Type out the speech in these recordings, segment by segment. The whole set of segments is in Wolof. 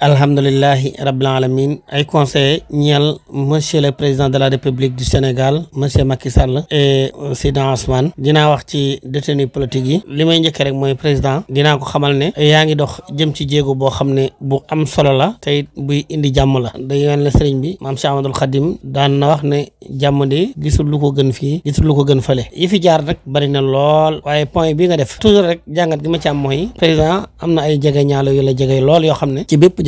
alhamdulilahi rabbil alamin ay conseil ñeel monsieur le président de la république du Sénégal monsieur Macky Sall et président Ousmane dinaa wax ci détenu politique yi li may njëkkee rek mooy président dinaa ko xamal ne yaa ngi dox jëm ci jéego boo xam ne bu am solo la tey buy indi jàmm la day yoon la sëriñ bi maam Cheikh Ahmadul daan na wax ne jàmm de gisul lu ko gën fii gisul lu ko gën fale yi fi jaar rek bari na lool waaye point bi nga def toujours rek jàngat gi ma ci am mooy président am na ay jege ñaalo yu la jege lool yoo xam ne ci bépp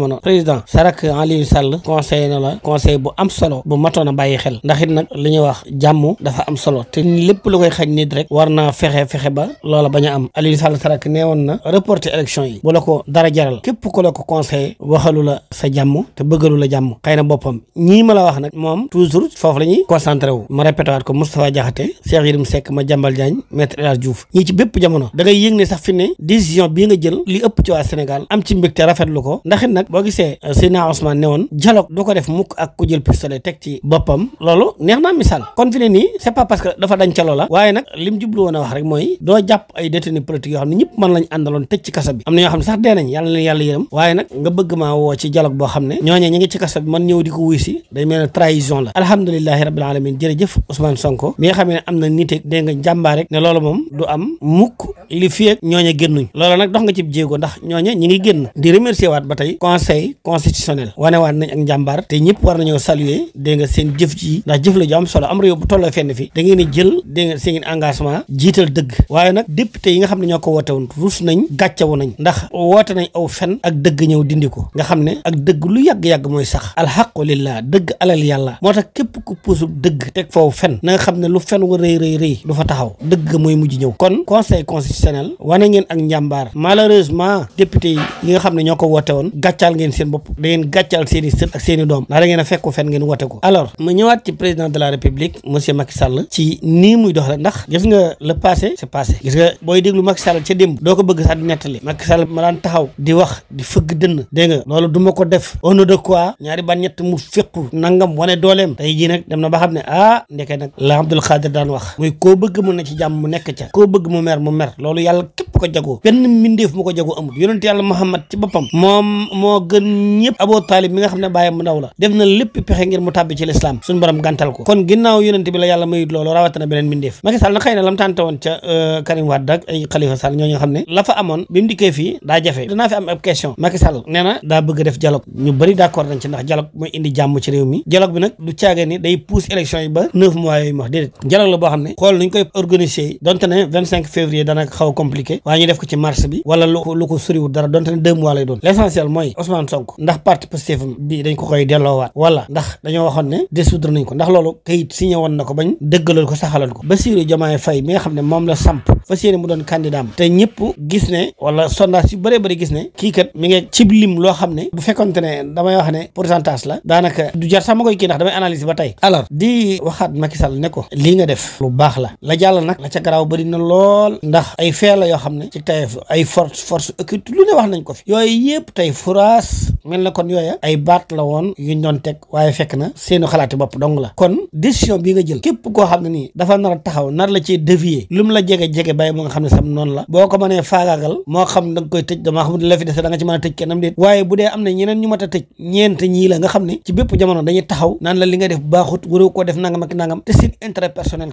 jamono président Sarak Aliou Sall conseil na la conseil bu am solo bu matoon a bàyyi xel ndax it nag li ñuy wax jàmm dafa am solo te lépp lu koy xaj nit rek war ba loola bañ a am Aliou Sall Sarak nee la ko dara jaral képp ku la ko conseil waxalu la sa jàmm te bëggalu la jàmm xëy na boppam ñii ma la wax nag moom toujours foofu la ñuy ma répété ko Moustapha Diakhaté Cheikh Yérim Seck ma jàmbal Diagne maître El Hadj ñii ci bépp jamono da ngay ne sax fi décision bii nga jël li ëpp ci waa Sénégal am ci mbégte rafetlu ko ndax it boo gisee Seydina Ousmane ne woon dialogue du ko def mukk ak ku jël pistolet teg ci boppam loolu neex naa misaal kon fi ne nii c'est pas parce que dafa dañ ca loola waaye nag lim jublu woon a wax rek mooy doo jàpp ay détenus politiques yoo xam ne ñëpp mën lañ àndaloon ñoo xam ne sax man ñëw di ko wuy si day mel ne la alhamdulilahi rabbil alamin jërëjëf Ousmane Sonko mi nga xam ne am na niteeg dégg nga jàmbaar rek ne loolu moom du am mukk li fii ak ñooñe génnuñ loolu nag dox nga ci jéego ndax ñooñe ñi ngi génn di conseil constitutionnel wanewaat nañ ak njàmbaar te ñëpp war nañoo saluer dégg seen jëf ji ndax jëf la ju am solo am réew bu tolloo da ngeen di jël fen ak dëgg ñëw na nga xam ne lu fen wa rëy rëy rëy du fa taxaw dëgg mooy mujj ñëw kon conseil constitutionnel ko woote woon gàcca ngeen seen bopp da ngeen gàccaal seen i sët ak seen doom ndax da ngeen a fekku fen ngeen wote ko alors ma ñëwaat ci président de la république monsieur Macky Sall ci nii muy doxale ndax gis nga le passé c'est passé gis nga booy déglu Macky Sall ca démb doo ko bëgg sax di nettali Macky Sall ma daan taxaw di wax di fëgg dënn dégg nga loolu duma ko def au nom de ñaari ban ñett mu féqu nangam wane dooleem tey jii nag dem na ba xam ne ah ndeke nag la ko jago benn mbindeef mu ko jago amul yonent yàlla Muhammad ci boppam moom moo gën ñëpp Abu Taalib mi nga xam ne bàyyam mu ndaw la def na lépp pexe ngir mu tàbbi ci lislaam suñu borom gàntal ko kon ginnaaw yonent bi la yàlla mayit loolu rawatina beneen mbindeef Macky Sall euh, daa jafe def dialogue ñu bëri d'accord nañ ndax dialogue mooy indi jàmm ci réew mi dialogue bi nag du caage day pousse élection yi ba neuf mois yooyu wax déedéet dialogue la boo waaye ñu def ko ci mars bi wala lu ko suriwul dara donte ne deux mois lay doon l' essentiel mooy Ousmane Sonko ndax parti Pastef bi dañ ko koy delloowaat wala ndax dañoo waxoon ne dissoudre nañ ko ndax loolu kayit la samp fas yéene mu doon candidat te ñëpp gis ne wala sondage yu bëree bëri gis ne kii kat mi ngi cib lim loo xam ne bu fekkonte ne damay wax ne pourcentage la daanaka du jar sax ma koy kii ndax damay analyse ba tey alors di waxaat Macky Sall ne ko lii nga def lu baax la ne ci Taïf ay force force occulte lu ne wax nañ ko fi yooyu yëpp tey furaas mel na kon yooya ay baat la woon yuñ doon teg waaye fekk na seenu xalaati bopp dong la kon décision bi nga jël képp koo xam ne nii dafa a taxaw nar la ci dévier xam ne sam boo ko mënee faagaagal moo xam da nga koy tëj damaa ci mën a tëj kennam déet waaye bu dee am na ñeneen ñu mat tëj ñeent ñii la nga xam ne ci bépp jamono dañuy taxaw naan la li nga def baaxut waroo koo def nangam ak nangam te seen intérêt personnel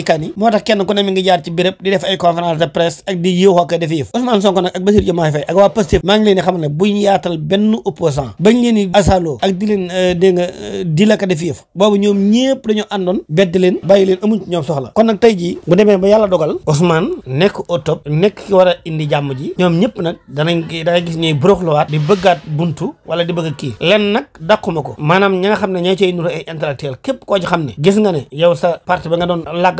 Mauritanie moo tax kenn ku ko def yëf Ousmane Sonko nag ak Bassirou Diomaye Faye ak waa Pastef maa ngi leen di xam ne buñ yaatal benn opposant bañ leen di asaaloo ak di euh, euh, ba yàlla dogal Ousmane nekk au dangay gis ñuy buruxluwaat di bëggaat buntu wala di bëgg kii len nag dàquma ko maanaam ñi nga xam ne ñoo cay nuru ay intellectuel képp koo ci xam ne gis nga ne yow sa parti ba nga doon làgg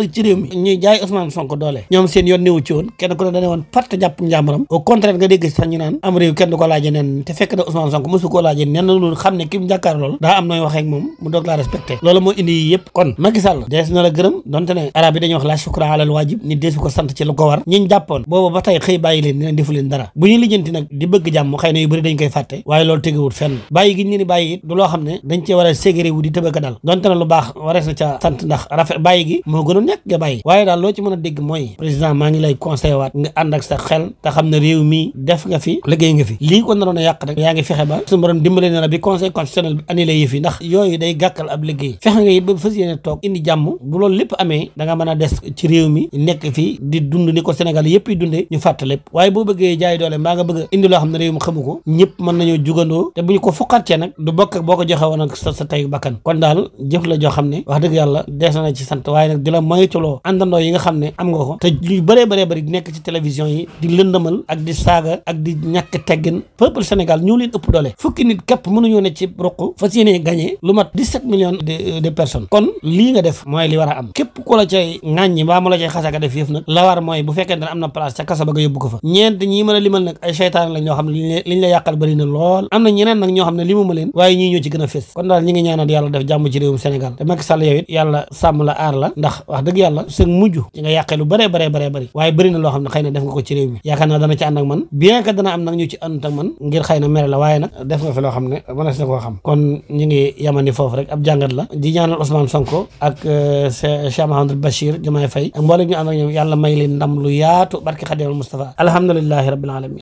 dëgg ci réew mi ñuy jaay Ousmane Sonko doole ñoom seen yoon néew ci woon kenn ku ne woon parte jàpp njàmburam au contraire nga dégg sax am réew kenn ko laaje nen te fekk na Ousmane Sonko ne ki mu jàkkaar loolu daa am nooy waxee ak moom mu doog laa respecté loolu moo indi yi yëpp kon Macky Sall dees ne lu ko war ñiñ jàppoon booba ba tey xëy bàyyi leen ne defu leen dara bu ñuy lijjanti di bëgg jàmm xëy na ne dañ cee war a ségré wu di tëbëka dal donte ne lu baax warees na ca ñàkk nga bàyyi waaye a dégg a yàq yi dund ni ko Sénégal yëpp yi dunde ñu fàtt lépp waaye boo bëggee jaay doole mbaa nga bëgg indi xam ne réew mi xamu ko ñëpp mën nañoo jugandoo te bu ñu ko fuqarcee nag du bokk boo ko joxe ak sa tey bakkan kon daal jëf la joo xam ne wax dëgg yàlla dees ci sant waaye nag di la moy moytuloo àndandoo yi nga xam ne am nga ko te ñu bëree bëree bëri di nekk ci télévision yi di lëndëmal ak di saaga ak di ñàkk teggin peuple Sénégal ñoo leen ëpp doole fukki nit képp mënuñoo ne ci ruq fas yéenee gagné lu mat 17 millions de euh, de personnes kon lii nga def mooy li war a am képp ku la cay ŋàññi mbaa mu la cay xasaka def yëf nag la war mooy bu fekkee ne am na place ca kaso ba nga yóbbu ko fa ñeent ñii mën a limal nag ay seytaan lañ ñoo xam ne liñ la yàqal bëri na lool am na ñeneen nag ñoo xam ne limuma leen waaye ñii ñoo ci gën a fës kon daal ñi ngi ñaanal yàlla def jàmm ci réewum Sénégal te Macky Sall yow it yàlla sàmm la aar la ndax wax dëgg yàlla sëg mujj ci nga yàqee lu bare bare bare bëri waaye bëri na loo xam ne xëy na def nga ko ci réew mi yaakaar naa dana ci ànd man bien que dana am nag ñu ci ànd man ngir xëy mere la waaye nag def nga fi loo xam ne mënees na koo xam kon ñu ngi yamani foofu rek ab jàngat la di ñaanal Ousmane Sonko ak euh, Cheikh Mahamadou Bachir Diomaye Faye ak mboolem ñu ànd ak ñoom yàlla may leen ndam Mustafa alhamdulillahi rabbil alamin